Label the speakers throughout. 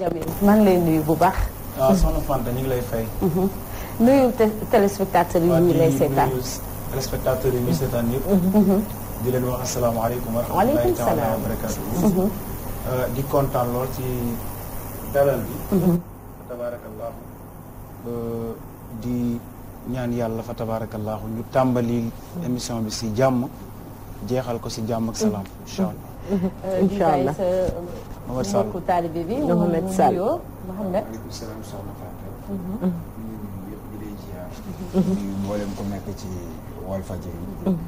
Speaker 1: Jamil maa ngi lay nuyu bu baax. waaw ah, soxna
Speaker 2: Fanta ñu ngi lay fay.
Speaker 1: Mhm. nuyu téléspectateur yi ñu lay seetaan nuyu
Speaker 2: téléspectateur yi ñuy seetaan yëpp. Mhm. Mhm. di leen wax asalaamaaleykum wa rahmatulaahi taala wa ah, di kontaan lool ci dalal bi. di ñaan yàlla fa tabaarakallaahu ñu tàmbali émission bi si jàmm jeexal ko si jàmm ak salaam
Speaker 1: Euh, incha allah euh, mhm. mhm. di bàyyi sa mbokku taalibe bi
Speaker 3: Mouhamed ci Walfadjri. Mhm.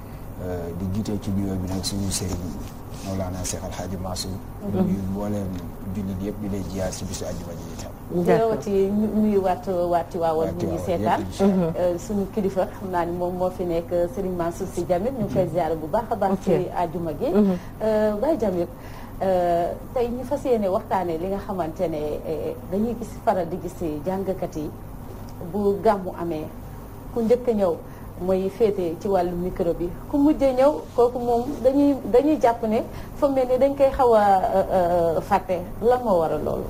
Speaker 3: Euh, Mawlana Cheikh Al Hadj Mansour. Mhm. ñu mbooleem jullit yëpp di lay jiyaar ci bisu àjjuma ji itam.
Speaker 4: jërëjëf
Speaker 1: ñu nuyu waat waat ci waawoon ñu seetaan. Mhm. Euh, suñu kilifa xam naa ni moom moo fi nekk euh, Serigne Mansour Sy Djamil ñu ngi koy mhm. bu baax a baax. ci àjjuma gi. Euh, Baye Djamil tey ñu fas yéene waxtaanee li nga xamante ne dañuy gis faral di gis jàngkat yi bu gàmmu amee ku njëkk ñëw. mooy féete ci wàllu micro bi ku mujjee ñëw kooku moom dañuy jàpp ne fa mel ni dañ koy xaw a euh, euh, fàtte lan moo waral loolu.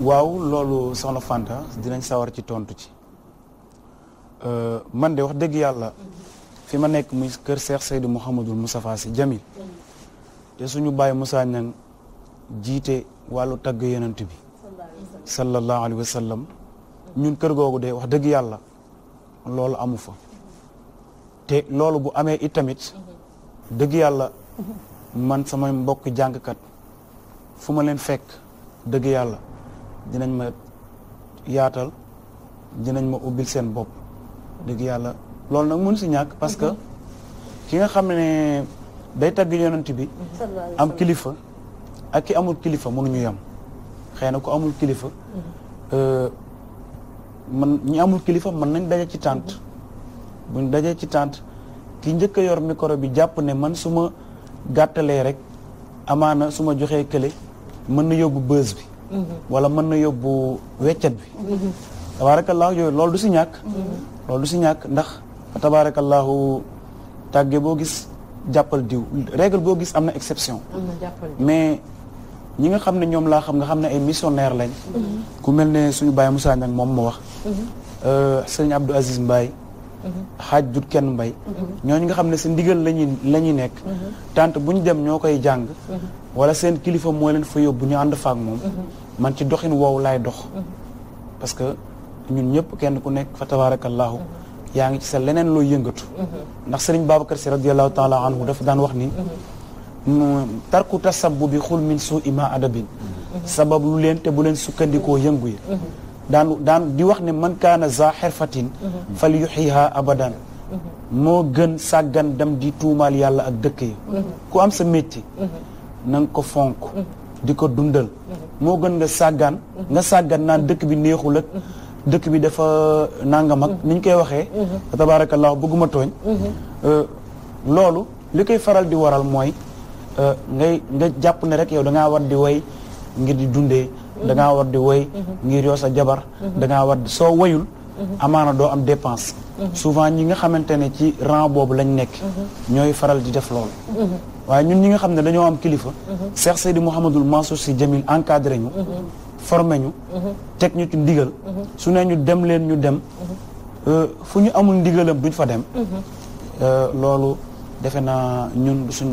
Speaker 2: waaw loolu soxna Fanta dinañ sawar ci tontu ci euh, man de wax dëgg yàlla fi ma nekk muy kër Cheikh Seydou Mouhamadul musafaa si Jamil te suñu bàyyi Moussa Niang jiite wàllu tagg yonent bi sallallahu alayhi wa sallam ñun kër googu de wax dëgg yàlla loolu amu fa te loolu bu amee it tamit dëgg yàlla man samay mbokk jàngkat fu ma leen fekk dëgg yàlla dinañ ma yaatal dinañ ma ubbil seen bopp dëgg yàlla loolu nag mun si ñàkk parce que ki nga xam ne day tagg yonent bi am kilifa ak ki amul kilifa mënuñu yem xëy na ku amul kilifa mhm. euh, man mën nañ daje ci tànt buñ dajee ci tànt ki njëkk yor micro bi jàpp ne man su ma gàttalee rek amaana su ma joxee kële mën na yóbbu bës bi mm-hmm. wala mën na yóbbu weccet bi mm-hmm. tabaarakallaahu yooyu lool du si ñàkk mm-hmm. loolu du si ñàkk ndax tabaarakallaahu tàgge boo gis jàppal diw règle boo gis am na exception mais ñi nga xam ne ñoom laa xam nga xam ne ay missionnaire lañ ku mel ne suñu Baye Moussa Niang moom ma wax euh, sëñ Abdou Aziz Mbaye xaaj jut kenn mbay ñoo ñooñu nga xam ne si ndigal lañuy la ñuy nekk tant bu ñu dem ñoo koy jàng wala seen kilifa moo leen fa yóbbu ñu ànd faak moom man ci doxin woowu laay dox parce que ñun ñëpp kenn ku nekk fa tabaarakallaahu yaa ngi ci sa leneen looy yëngatu ndax sëriñ Babacar si radiallahu taala anhu dafa daan wax ni tarku tasabbu bi xul min suu ima adabin mm-hmm. sabab lu leen te bu leen sukkandikoo yëngu yi daan daan di wax ne man kaana za xerfatin mhm. fal yuxiha abadan mhm. moo gën sàggan dem di tuumaal yàlla ak dëkk yi mhm. ku am sa métti na ko fonk di ko dundal moo gën nga sàggan nga sàggan naan dëkk bi neexul ak dëkk bi dafa nangam ak ni ñu koy waxee tabaarakallaahu bëgguma tooñ euh, loolu li koy faral di waral mooy euh, ngay nga jàpp ne rek yow da war di way ngir di dundee da ngaa war di woy ngir yoo sa jabar mhm. da war di soo woyul mhm. amaana doo am dépense mhm. souvent ñi nga xamante ne ci rang boobu lañ nekk ñooy faral di def loolu waaye ñun ñi nga xam ne dañoo am kilifa Cheikh Seydi Mouhamadoul Mansour Sy Djamil encadré ñu formé ñu teg ñu ci ndigal su ne ñu dem leen ñu dem euh, fu ñu amul ndigalam duñ fa dem euh, loolu defe naa ñun du suñ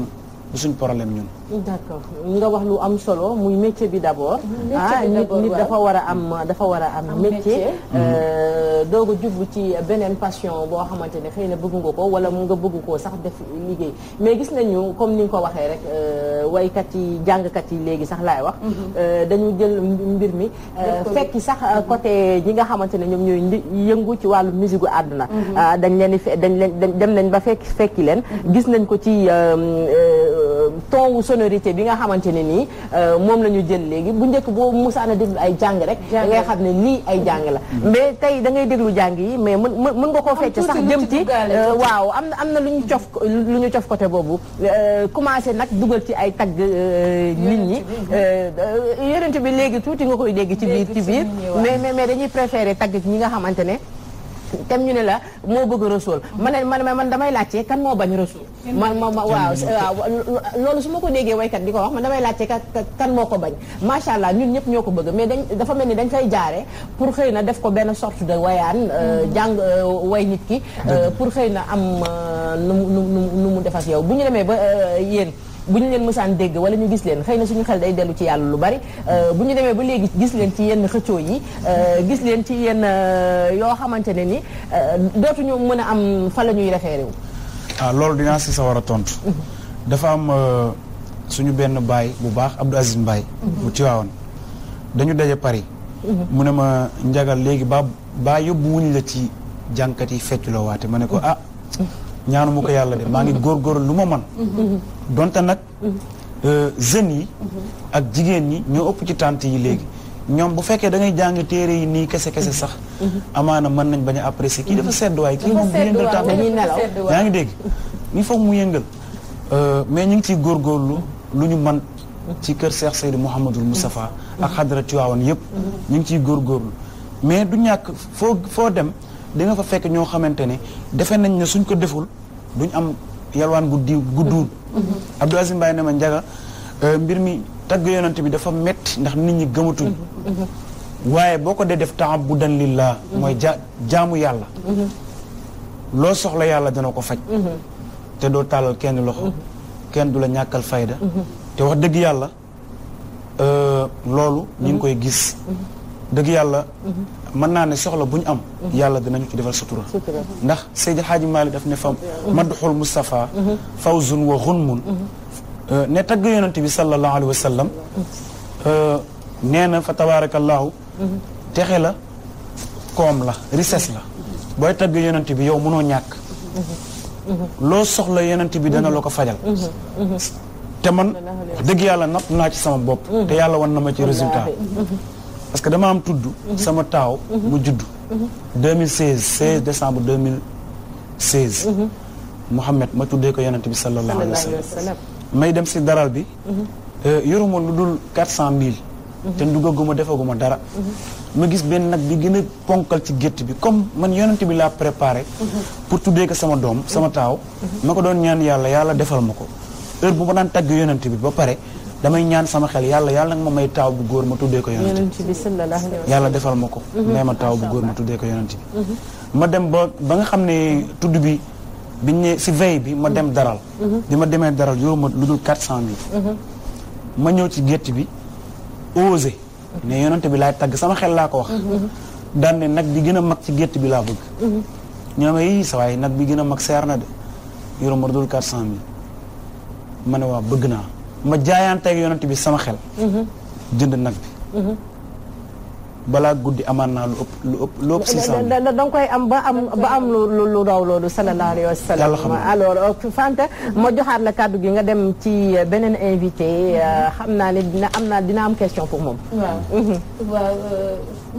Speaker 2: du suñ problème ñun
Speaker 5: d'accord nga wax lu am solo muy métier bi d'abord. ah nit nit dafa war a am dafa war a am. métier euh, mhm. doog a jublu ci beneen passion boo xamante ne xëy na bëgg nga ko wala mu nga bëggu koo sax def liggéey mais gis nañu comme ni nga ko waxee rek euh, waykat yi jàngkat yi léegi sax laay wax. Mhm. Euh, dañu jël mbir mi. fekki sax mhm. côté ñi nga xamante ne ñoom ñooy yëngu ci wàllu musique gu àdduna. Ah, dañ leen dañ dem nañ ba fekk fekki leen. gis nañ ko ci ton sonorité bi nga xamante ne nii euh, moom la ñu jël léegi bu njëkk boo musaana déglu ay jàng rek da ngay xam ne nii ay jàng la mm-hmm. mais tey da ngay déglu jàng yi mais mën mën nga koo fecc sax jëm ci euh, waaw am na am na lu ñu cof lu ñu cof côté boobu euh, commencé nag dugal ci ay tagg nit ñi yonent bi léegi tuuti nga koy dégg ci biir ci biir mais mais dañuy préféré tagg ñi nga xamante ne tam ñu ne la moo bëgg rasul ma ne man man damay laajte kan moo bañ rasul man ma waaw loolu su ma ko déggee waykat di ko wax man damay laajte kan moo ko bañ macha allah ñun ñëpp ñoo ko bëgg mais dañ dafa mel ni dañ koy jaare pour xëy na def ko benn sorte de wayaan euh, mm-hmm. jàng euh, way nit ki euh, pour xëy na am nu mu nu mu nu mu def yow bu ñu demee ba yéen bu ñu leen mësaan dégg wala ñu gis leen xëy na suñu xel day dellu ci yàlla lu bari euh, bu ñu demee ba léegi gis leen ci yenn xëccoo yi euh, gis leen ci yenn euh, yoo xamante ne ni dootuñu mën a am fa la ñuy référé wu
Speaker 2: ah, loolu dinaa si sa war a tontu mhm. dafa am suñu benn baay bu baax Abdou Aziz Mbaye mhm. bu Tiwaawan dañu daje Paris mhm. mu ne ma njagal léegi ba baa yóbbu wuñ la ci jànkat yi feccu la waate ma ne ko ah ñaanu ma ko yàlla de maa ngi góorgóorlu lu ma man donte nag euh, jeunes yi ak jigéen ñi ñoo ëpp ci tànt yi léegi ñoom bu fekkee da ngay jàng téere yi nii kese kese sax amaana mën nañ bañ a apprécier kii dafa sedd waay kii moom bu yëngal tànt yaa ngi dégg il faut mu yëngal euh, mais ñu ngi ciy góor góorlu lu ñu man ci kër Cheikh Seydou Mouhamadul Moustapha ak xadara Tiwaawan yëpp mhm. ñu ngi ciy góorgóorlu mais du ñàkk foo foo dem di nga fa fekk ñoo xamante ne defe nañ ne suñ ko deful duñ am yalwaan guddi diw gu duun
Speaker 4: mm-hmm.
Speaker 2: Abdou Azim ne ma njaga euh, mbir mi tagg yonante bi dafa metti ndax nit ñi gëmatuñ
Speaker 4: mm-hmm.
Speaker 2: waaye boo ko dee def bu taabudan lillah mm-hmm. mooy ja jaamu yàlla loo soxla yàlla dana ko faj te doo tàllal kenn loxo kenn du la ñàkkal fayda te wax dëgg yàlla euh, loolu ñu ngi koy gis dëgg yàlla mhm. mën naa ne soxla bu ñu am mhm. yàlla dinañu ci defal sutura ndax Seydi Hadji Malick daf ne fa mhm. madxul Moustapha fawzun wa xunmun euh, ne tagg yonent bi sallallahu alayhi wa sallam euh, na fa tabaarakallaahu texe la koom la richesse la booy tagg yonent bi yow mënoo ñàkk loo soxla yenent bi dana la ko fajal te man dëgg yàlla napp naa ci sama bopp te yàlla wan na ma ci résultat parce que dama am tudd. Mhm. sama taaw mhm. mu judd. 2016 mhm. 16 décembre 2016. Mouhamed ma tuddee ko yonent bi sallallahu alayhi wa may dem si daral bi. Euh, yoruma lu dul 400000. te ndugaguma defaguma dara. ma gis benn nag bi gën a ponkal ci gétt bi comme man yonent bi laa préparé. pour tuddee ko sama doom sama taaw. ma ko doon ñaan yàlla yàlla defal ma ko. heure bu ma daan tagg yonent bi ba pare. damay ñaan sama xel yàlla yàlla nag ma may taaw bu góor ma tuddee ko yonent
Speaker 5: bi yàlla
Speaker 2: defal ma ko mhm. may ma taaw bu góor ma tuddee ko yonent bi mhm. ma dem ba ba nga xam ne tudd bi bi ne si veille bi ma dem mhm. daral bi ma demee daral yow ma lu dul quatre cent ma ñëw ci gétt bi osé ne yonent bi tagg sama xel laa ko wax daan ne nag gën a mag ci gétt bi laa bëgg ñoome yi nag bi gën a mag seer na de yow ma lu dul quatre cent mille ma ne waa bëgg naa ma jaayanteeg yonent bi sama xel mm-hmm. jënd nag bi mm-hmm. balaa guddi amaan naa lu ëpp lu ëpp lu ëpp six cent
Speaker 5: da nga koy am ba am ba am lu lu raw loolu sallallahu alayhi wa sallam alors euh, Fanta ma joxaat la kàddu gi nga dem ci euh, beneen invité euh, xam naa ne dina am naa dina am question pour moom waaw
Speaker 1: mhm.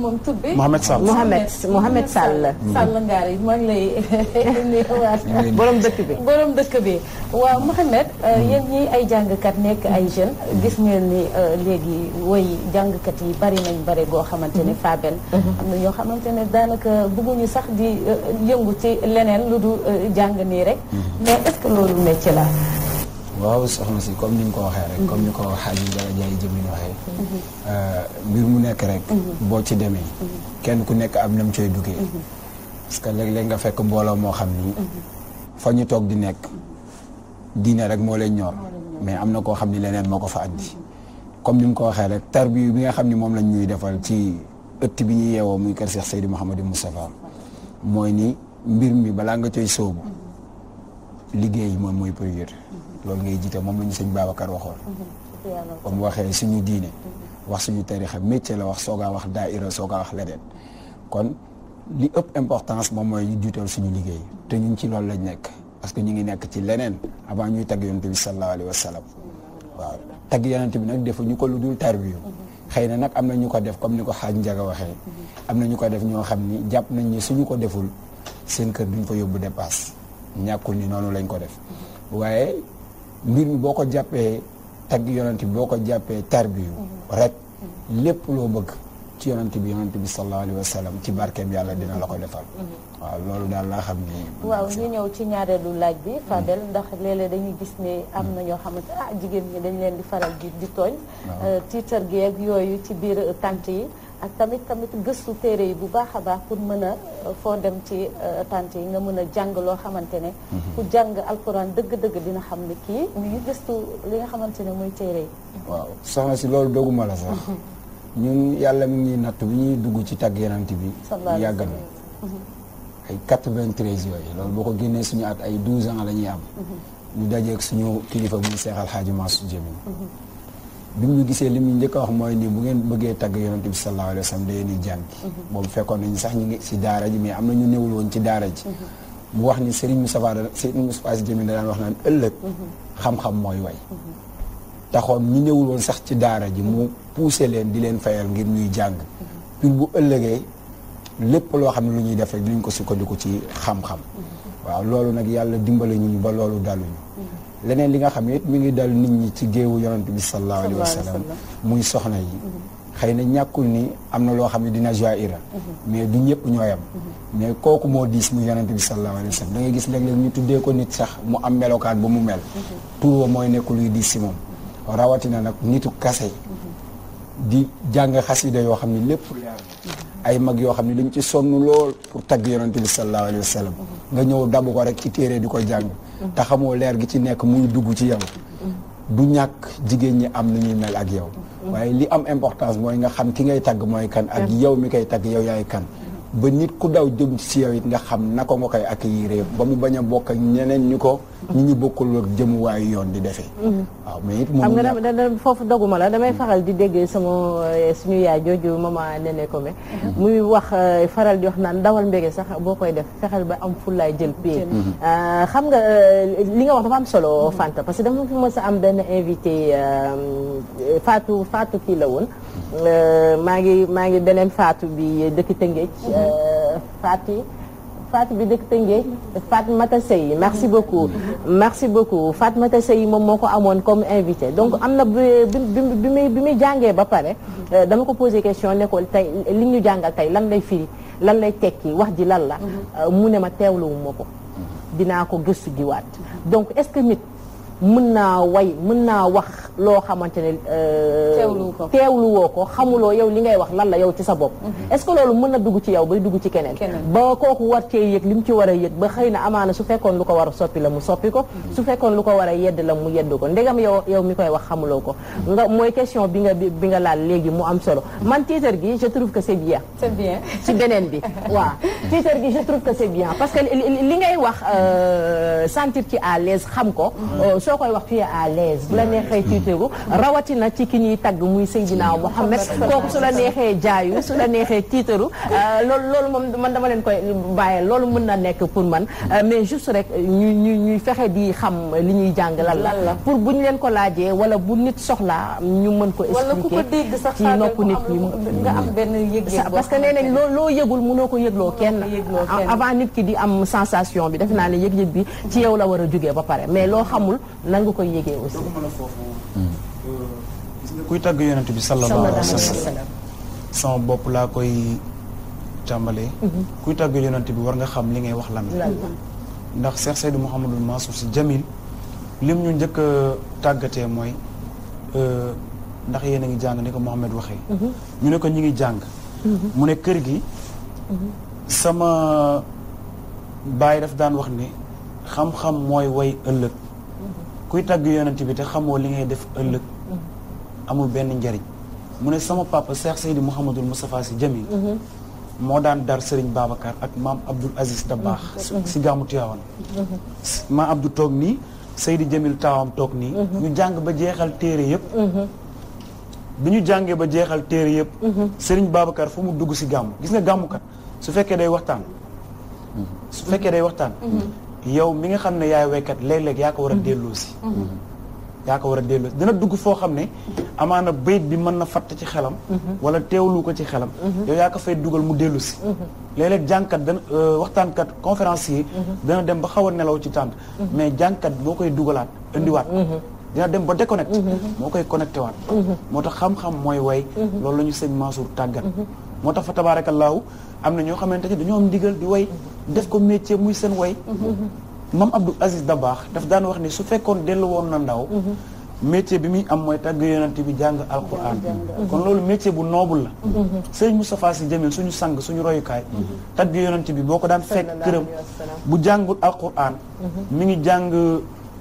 Speaker 1: moom tur bi Mohamed Sall Mohamed Mohamed Sall. Sall mhm. Ngari maa ngi lay nuyuwaat. borom dëkk bi borom dëkk bi. waaw Mohamed. Mhm. yéen ñi ay jàngkat nekk ay jeunes. gis ngeen ni léegi woy jàngkat yi bari nañ bari goo xamante Jennifer mhm. Bell mhm. am na ñoo xamante ne daanaka bëgguñu sax di euh, yëngu ci leneen lu du euh, jàng nii rek mhm. mais est-ce que loolu métier la waaw
Speaker 3: soxna si comme ni nga ko waxee rek comme ni ko xaaj yi dara jaay jëmin waxee euh, mbir mu nekk rek boo ci demee kenn ku nekk am na mu cooy duggee parce que léeg-léeg nga fekk mbooloo moo xam ni fa ñu toog di nekk diine rek moo leen ñor mais am na koo xam ni leneen moo ko fa andi comme ni mu ko waxee rek tarbiyu bi nga xam ni moom lañ ñuy defal ci ëtt bi ñuy yeewoo muy kër Cheikh Seydou Mouhamadou Moustapha mooy ni mbir mi balaa nga coy soobu liggéey moom mooy priorité loolu ngay jiite moom la ñu sëñ Babacar waxoon ba mu waxee suñu diine wax suñu tarixa métier la wax soogaa wax daa daaira soogaa wax leneen kon li ëpp importance moom mooy ñu juutal suñu liggéey te ñun ci loolu lañ nekk parce que ñu ngi nekk ci leneen avant ñuy tagg yonent bi sallallahu alayhi wa sallam waaw tagg yonent bi nag defu ñu ko lu dul xëy na nag am na ñu ko def comme ni ko xaaj njaga waxee am na ñu ko def ñoo xam ni jàpp nañ ni suñu ko deful seen kër duñ fa yóbbu dépasse ñàkkul ni noonu lañ ko def waaye mbir mi boo ko jàppee tagg yonanti boo ko jàppee tarbiyu rek lépp loo bëgg ci yonent bi yonent bi sallallahu alayhi wa sallam ci barkeem yàlla dina la ko defal. Mhm. waaw loolu daal laa
Speaker 1: xam ni. waaw ñu ñëw ci ñaareelu laaj bi mhm. Fadel ndax léeg-léeg dañuy gis ni am na mhm. ñoo xamante ah jigéen ñi dañ leen di faral di di tooñ. Euh, tiitar gi ak yooyu ci biir tante yi. ak tamit tamit gëstu téere yi bu baax a baax pour mën a euh, foo dem ci euh, tante yi nga mën a jàng loo xamante ne. ku jàng alxuraan dëgg-dëgg dina xam ne kii mu ngi gëstu li nga xamante ne muy téere yi. waaw
Speaker 3: soxna si loolu doguma la sax. ñun yàlla mi ngi natt bi ñuy dugg ci tàgg yenant bi yàgg na ay quatre-vingt-treize yooyu loolu boo ko génnee suñu at ay douze ans la ñuy am
Speaker 4: mm-hmm.
Speaker 3: ñu dajeeg suñu kilifa bu ñu seexal xaaji su Djamil
Speaker 4: mm-hmm.
Speaker 3: bi mu gisee li mu njëkk wax mooy nii bu ngeen bëggee tagg yonent bi sallallahu alayhi wa sallam day ni jàngi boobu fekkoon nañu sax ñu ngi si daara ji mais am na ñu newul woon ci daara ji mm-hmm. mu wax ni Serigne Moustapha Serigne Moustapha Sy Djamil daan wax naan ëllëg xam-xam mooy way taxoon ñi ñëwul woon sax ci daara ji mu poussé leen di leen fayal ngir ñuy jàng pour bu ëllëgee lépp loo xam ne lu ñuy def rek ko sukkandiku ci xam-xam waaw loolu nag yàlla dimbale ñu ñu ba loolu daluñu leneen li nga xam ne it mi ngi dal nit ñi ci géewu yonent bi sallallahu alayhi wa sallam muy soxna yi xay na ñàkkul ni am na loo xam ne dina jaira mais du ñëpp ñooyam mais kooku moo diis mu yonent bi sallallahu alayhi wa sallam ngay gis léeg-léeg ñu tuddee ko nit sax mu am melokaan bu mu mel tuuba mooy nekk luy diis si moom rawatina nag nitu kase di jàng xasida yoo xam ne lépp ay mag yoo xam ne dañu ci sonn lool pour tagg yonent bi sallallahu nga ñëw dabu ko rek ci téere di ko jàng te xamoo leer gi ci nekk muy dugg ci yow du ñàkk jigéen ñi am na mel ak yow waaye li am importance mooy nga xam ki ngay tagg mooy kan ak yow mi koy tagg yow yaay kan ba nit ku daw jëm ci yow it nga xam naka nga koy accueillir ba mu bañ a bokk ak ñeneen ñu ko ñi ñu bokkul ak yoon di defee. Mhm. waaw mais it xam nga
Speaker 5: da foofu doguma la damay faral di dégg sama eh, suñu yaay jooju maman Nene Kome. Mhm. muy wax eh, faral di wax naan dawal mbége sax boo koy def fexeel ba am fulaay jël pay. Mhm. Ah, xam nga eh, li nga wax dafa am solo Fanta parce que dama fi mës a am benn invité Fatou Fatou kii la woon. maa ngi maa ngi beneen Fatou bi dëkk Tëngéej. Fatou. Fatou bi dëkk a sey yi merci beaucoup merci beaucoup Fatmata yi moom moo ko amoon comme invité donc am na bi bi muy bi muy jàngee ba pare euh, dama ko posé question ne tey li ñu jàngal tey lan lay firi lan lay tekki wax ji lan la euh, mu ne ma teewluwu ma ko dinaa ko gëstu jiwaat donc est-ce que nit mën naa way mën naa wax loo xamante ne. Euh, teewlu ko teewluwoo ko xamuloo yow li ngay wax lan la yow ci sa bopp. Mm-hmm. est-ce que loolu mën na dugg ci yow bay dugg ci keneen. ba kooku war cee yëg li mu ci war a yëg ba xëy na amaana su fekkoon lu ko war a soppi la mu soppi ko. Mm-hmm. su fekkoon lu ko war a yedd la mu yedd ko ndegam yow yow mi koy wax xamuloo ko. nga mooy question bi nga bi nga laal léegi mu am solo man titre gi je trouve que c'est bien. c'est bien ci beneen bi waaw. titre gi je trouve que c'est parce que li ngay wax euh, sentir ci à l'aise xam ko. Mm-hmm. Euh, soo koy wax tu es à l'aise bu la neexee tiiteeku rawatina ci ki ñuy tagg muy Seydina Mohamed kooku su la neexee jaayu su la neexee tiitaru euh, loolu loolu moom man dama leen koy bàyyee loolu mën na nekk pour man euh, mais juste rek ñu ñu ñuy fexe di xam li ñuy jàng lan la pour bu ñu leen ko laajee wala bu nit soxlaa ñu mën ko expliquer
Speaker 1: ci nopp nit ñi
Speaker 5: nga am benn yëg parce que nee nañ loo loo yëgul munoo ko yëgloo kenn avant nit ki di am sensation bi def naa ne yëg-yëg bi ci yow la war a jugee ba pare mais loo xamul nan nga koy yëgee aussi. doogu
Speaker 2: hmm. euh, kuy tàgg yonent bi sallallahu sama bopp laa koy càmbalee. Mhm. kuy tàgg yonent bi war nga xam li ngay wax lan la. ndax Cheikh Seydou Mouhamadul Mansour si Jamil lim ñu njëkk a tàggatee mooy euh, ndax yéen a ngi jàng ni ko Mouhamed waxee. Mhm. ñu ne ko ñu ngi jàng. Mhm. mu ne kër gi. sama baay daf daan wax ne xam-xam mooy way ëllëg. kuy tàgg yonent bi te xamoo li ngay def ëllëg amul benn njariñ mu ne sama papa Cheikh Seydi Mouhamadul Moustapha Sy Jamil moo daan dar Serigne Babacar ak maam Abdoul Aziz Dabaax mm-hmm. mm-hmm. si gàmmu Tiwaawan
Speaker 4: mm-hmm.
Speaker 2: maam Abdou toog nii Seydi Jamil taawam toog nii ñu jàng ba jeexal téere yëpp bi ñu jàngee ba jeexal téere yëpp Serigne Babacar fu mu dugg si gàmm gis nga gàmmukat su fekkee day waxtaan su fekkee day waxtaan yow mi nga xam ne yaay waykat léeg-léeg yaa ko war a mhm. delloo si mhm. Mhm. yaa ko war a delloo si dina dugg foo xam ne amaana bayit bi mën na fatt ci xelam wala teewlu ko ci xelam yow yaa ko fay dugal mu dellu si léeg-léeg jànkat dana euh, waxtaankat conférencier dana dem ba xaw a nelaw ci tànt mais jànkat boo koy dugalaat indiwaat dina dem ba déconnecté moo koy connecté waat moo tax xam-xam mooy way loolu la ñu sëñ tàggat moo tax fa tabaarakallaahu am na ñoo xamante ne dañoo am ndigal di way def ko métier muy seen way mam Abdou Aziz baax daf daan wax ni su fekkoon dellu woon na ndaw métier bi muy am mooy tàgg yonent bi jàng alquran kon loolu métier bu noble la sëñ Moustapha Sy Jamil suñu sang suñu royukaay tàgg yonent bi boo ko daan fekk këram bu jàngul alquran mi ngi jàng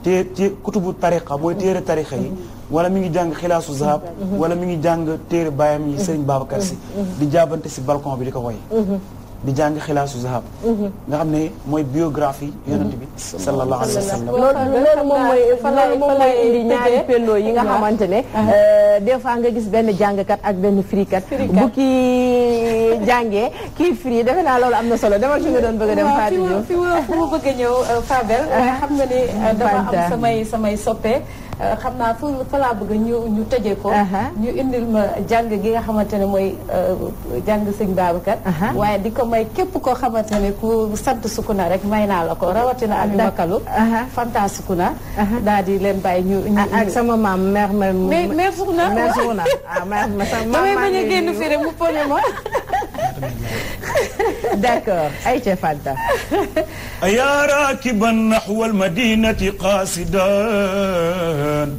Speaker 2: te te kutubu tariqa booy téere tariqa yi wala mi ngi jàng xilaasu zahab wala mi ngi jàng téere baayam yi Serigne Babacar Sy di jaabante si balcon bi di ko woy di jàng xilaasu zahab nga xam ne mooy biographie yonent bi sa alayhi wa sallam
Speaker 5: loolu moom mooy loolu moom nga xamante ne ah. euh, des fois nga gis benn jàngkat ak benn frikat bu kii jàngee kii fri defe naa loolu am na solo demal fi nga doon bëgg dem Fatou
Speaker 1: Diouf a ñëw euh, Fabel ah. xam nga ne euh, dama am samay samay xam naa fu fa laa bëgg ñu ñu tëjee ko. ñu indil ma jàng gi nga xamante ne mooy euh, jàng sëñ Babacar. waaye di ko may képp koo xamante ne ku sant sukku na rek may naa la ko rawatina Ami Makalu. Fanta Sukuna. daal di leen bàyyi ñu ñu. ak sama maam mère ma. mère na Sukuna mère
Speaker 5: ma sama maam maa rek mu pone ma. d'accord ayca Fanta
Speaker 6: yaa raakiban naxwa almadinati qaasidan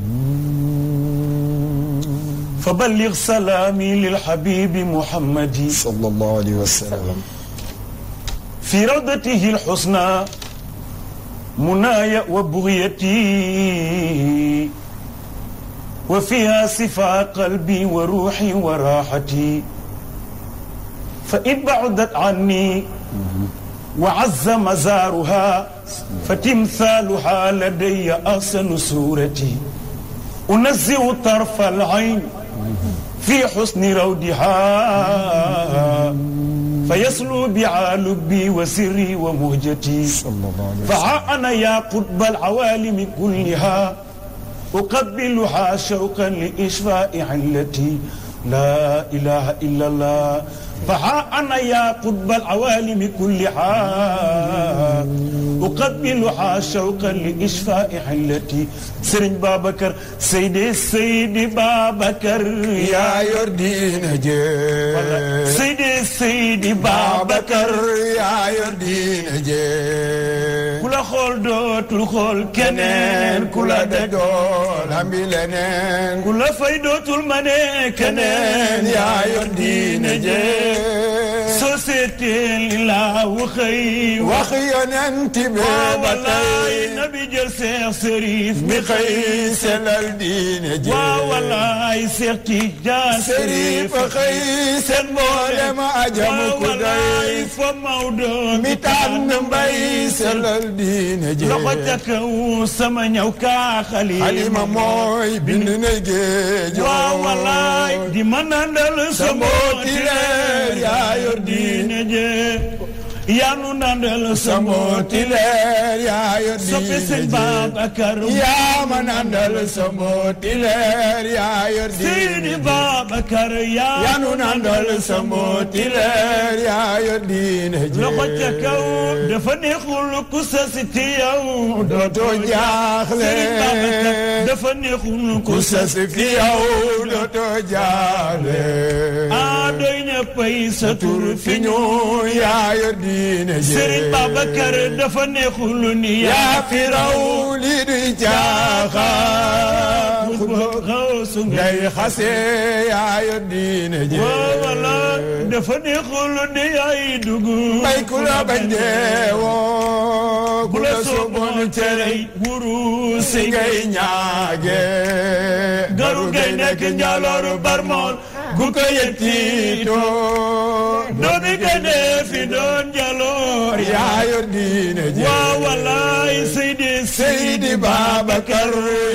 Speaker 6: fa balligh salaami lilhabibi muhammadi sallallahu alayhi wa sallam fi rawdatihi alxusna munaaya wa bugyati wa fiha sifa qalbi wa ruuxi wa raaxati fa in ba'udat anni wa azza mazaaruha fa timthaaluha ladayya ahsanu suurati unazzi'u tarfa al-'ayn fi husni rawdiha fa yaslu biha lubbi wa sirri wa muhjati fa ha ana ya qutba al-'awaalimi kulliha uqabbiluha shawqan li ishfaa'i 'illati laa ilaaha illa Allah فها أنا يا قطب العوالم كلها uqabiluha shawqan li ishfaai xillati sëriñ Babacar Seydi Seydi Babacar yaa yor diina jë Seydi Seydi Babacar yaa yor diina jë ku la xool dootul xool keneen ku la dajool ambi leneen ku la fay dootul mane keneen yaa yor diina jë société li la waxay wax yonenti bee ba tey nabi jël seex sërif mi xëy selal diine jëf waaw walaay seex Tijaan sërif a xëy seen mboolem ajamu ku day fa Maodo mi tànn mbay selal diine jëf loxo ca kaw sama ñaw kaa xalima mooy bind na géej waaw di ma nandal sa mbooti reer yaa yor diine yanu nandal sa yaa yor nandal sa yaa yor diine ji Babacar yaa dafa neexul ku sës ci yow dafa neexul ku sës ci yow dootoo jaaxle a doy na pay yaa yor diine jee Serigne Babacar dafa neexul ni yaa fi raw li di jaaxaan ngay xase yaayo diine jee wala dafa neexul ni yaay dugg bay ku la bañ deewoo ku la sooboon cerey wuru si ngay ñaage garu ngay nekk njaloor barmoon ku ko yëttiitoo doomi gënee fi doon jaloor yaa yor diine ji waa wallaay Seydi Seydi Babacar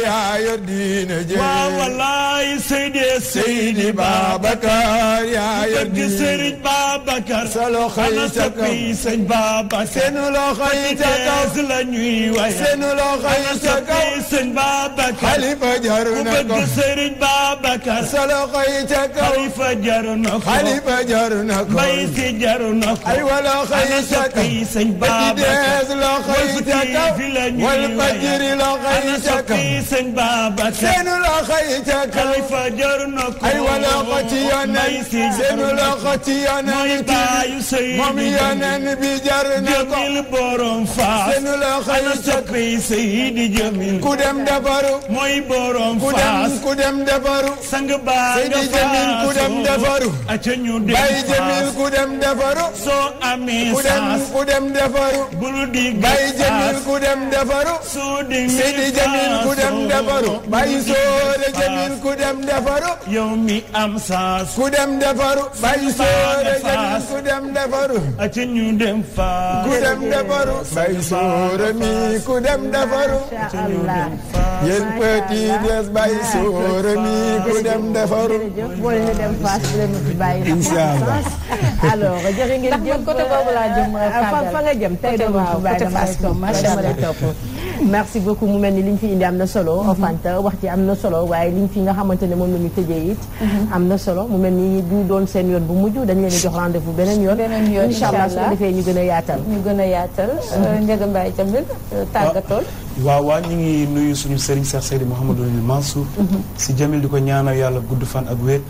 Speaker 6: yaa yor diine ji waa wallaay Seydi Seydi Babacar yaa yor diine Sëriñ Babacar sa loxo yi ca kaw sëñ Babacar seen loxo yi ca kaw la ñuy waye seen loxo yi ca kaw sëñ Babacar xalifa jar na ko Sëriñ Babacar sa loxo yi ca kaw xalifa jaru na ko xalifa jaru na ko bay si jaru na ko ay wala xaysa kay sëñ Babacar la xaysa ka wal fajiri la xaysa ka sëñ Babacar seenu la xaysa ka xalifa jaru na ko ay wala xati yonen seenu la xati yonen mooy baayu sëy moom yonen bi jaru na ko jëmil borom faas seenu la xaysa kay sëy di jëmil ku dem defaru mooy borom faas ku dem defaru sang baa nga faas ku dem defaru bay jëmil ku dem defaru soo amee saas ku dem defaru bul di bay jëmil ku dem defaru defaru bàyyi soore jamil ku dem defaru yow mi am saas ku dem defaru bàyyi soore jamil ku dem defaru aca dem faas ku dem soore mi ku dem defaru yéen petit des bàyyi soore
Speaker 5: mi ku dem defaru boole ñu dem faas leen fi bàyyi incha euh, allah
Speaker 1: alors
Speaker 5: merci beaucoup mu mel ni li ñu fi indi am na solo. Mhm. Fanta wax ci am na solo waaye li ñu fi nga xamante ne moom la ñu tëjee mhm. am na solo mu mel ni du doon seen yoon bu mujj
Speaker 1: dañ leen di jox rendez vous beneen yoon. beneen yoon incha allah su ko defee ñu gën a yaatal. ñu gën a yaatal. Mhm. Euh, Ndiaga Mbaye tamit euh, tàggatool.
Speaker 2: Ah, waaw waaw ñu ngi nuyu suñu Serigne Cheikh Seydi Mouhamadou Mansour. si Jamil di ko ñaanal yàlla gudd fan ak wér.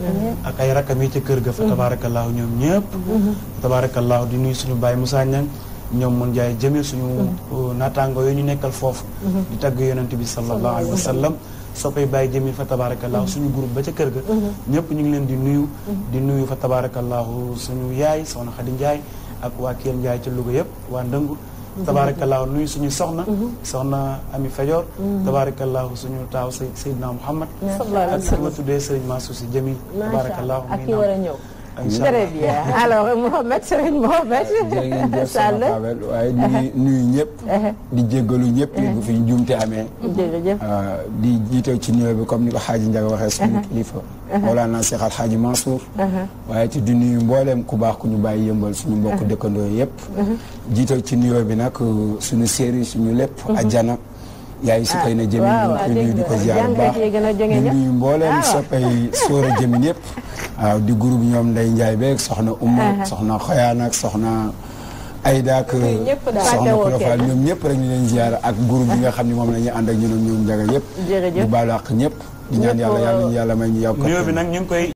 Speaker 2: ak ay rakam yi ca kër ga fa tabaarakallaahu ñoom ñëpp. tabaarakallaahu di nuyu suñu Baye Moussa Niang ñoom mën jaay jëmee suñu mm-hmm. uh, naataango yooyu ñu nekkal foofu mm-hmm. di tagg yonent bi sallallahu alayhi wa sallam soppay bàyyi jëmee fa tabaarakallaahu mm-hmm. suñu groupe ba ca kër ga ñëpp ñu ngi leen di nuyu di nuyu fa tabaarakallaahu suñu yaay soxna Xadi Njaay ak waa Kelle Njaay ca Louga yëpp waa Ndëngu tabaarakallaahu nuyu suñu soxna soxna Ami Fajoor tabaarakallaahu suñu taaw Seydina Muhammad ak ma tuddee Sëriñ Mansour Si Jëmil tabaarakallaahu ak très bien
Speaker 5: alors Mouhamed Serigne Mouhamed Sall
Speaker 3: waaye ñu uh-huh. nuyu ñëpp uh-huh. di jéggalu ñëpp bu fi njuumte amee jërëjëf uh, di jiite ci nuyoo bi comme ni ko xaaji Ndiaga waxee suñu uh-huh. kilifa Mawlana Cheikh Al Hadji Mansour waaye ci di nuyu mbooleem ku baax ku ñu bàyyi yëmbal suñu mbokk dëkkandoo yëpp jiite ci nuyoo bi nag uh, suñu séeri suñu lépp jana yaay si kay na jëmin ah, ñu koy nuyu di ko ziar bu di nuyu mbooleem ah. soppay sóora jëmin yëpp waaw di groupe ñoom nday njaay beeg soxna umma ah, soxna xoyaan ak soxna ay daak soxna Kulofal ñoom ñëpp rek ñu leen ziar ak groupe bi nga xam ne moom la ñuy ànd ak ñun ñoom njaga yëpp di baalu àq ñëpp di ñaan yàlla yàlla ñu may ñu yàgg ko bi koy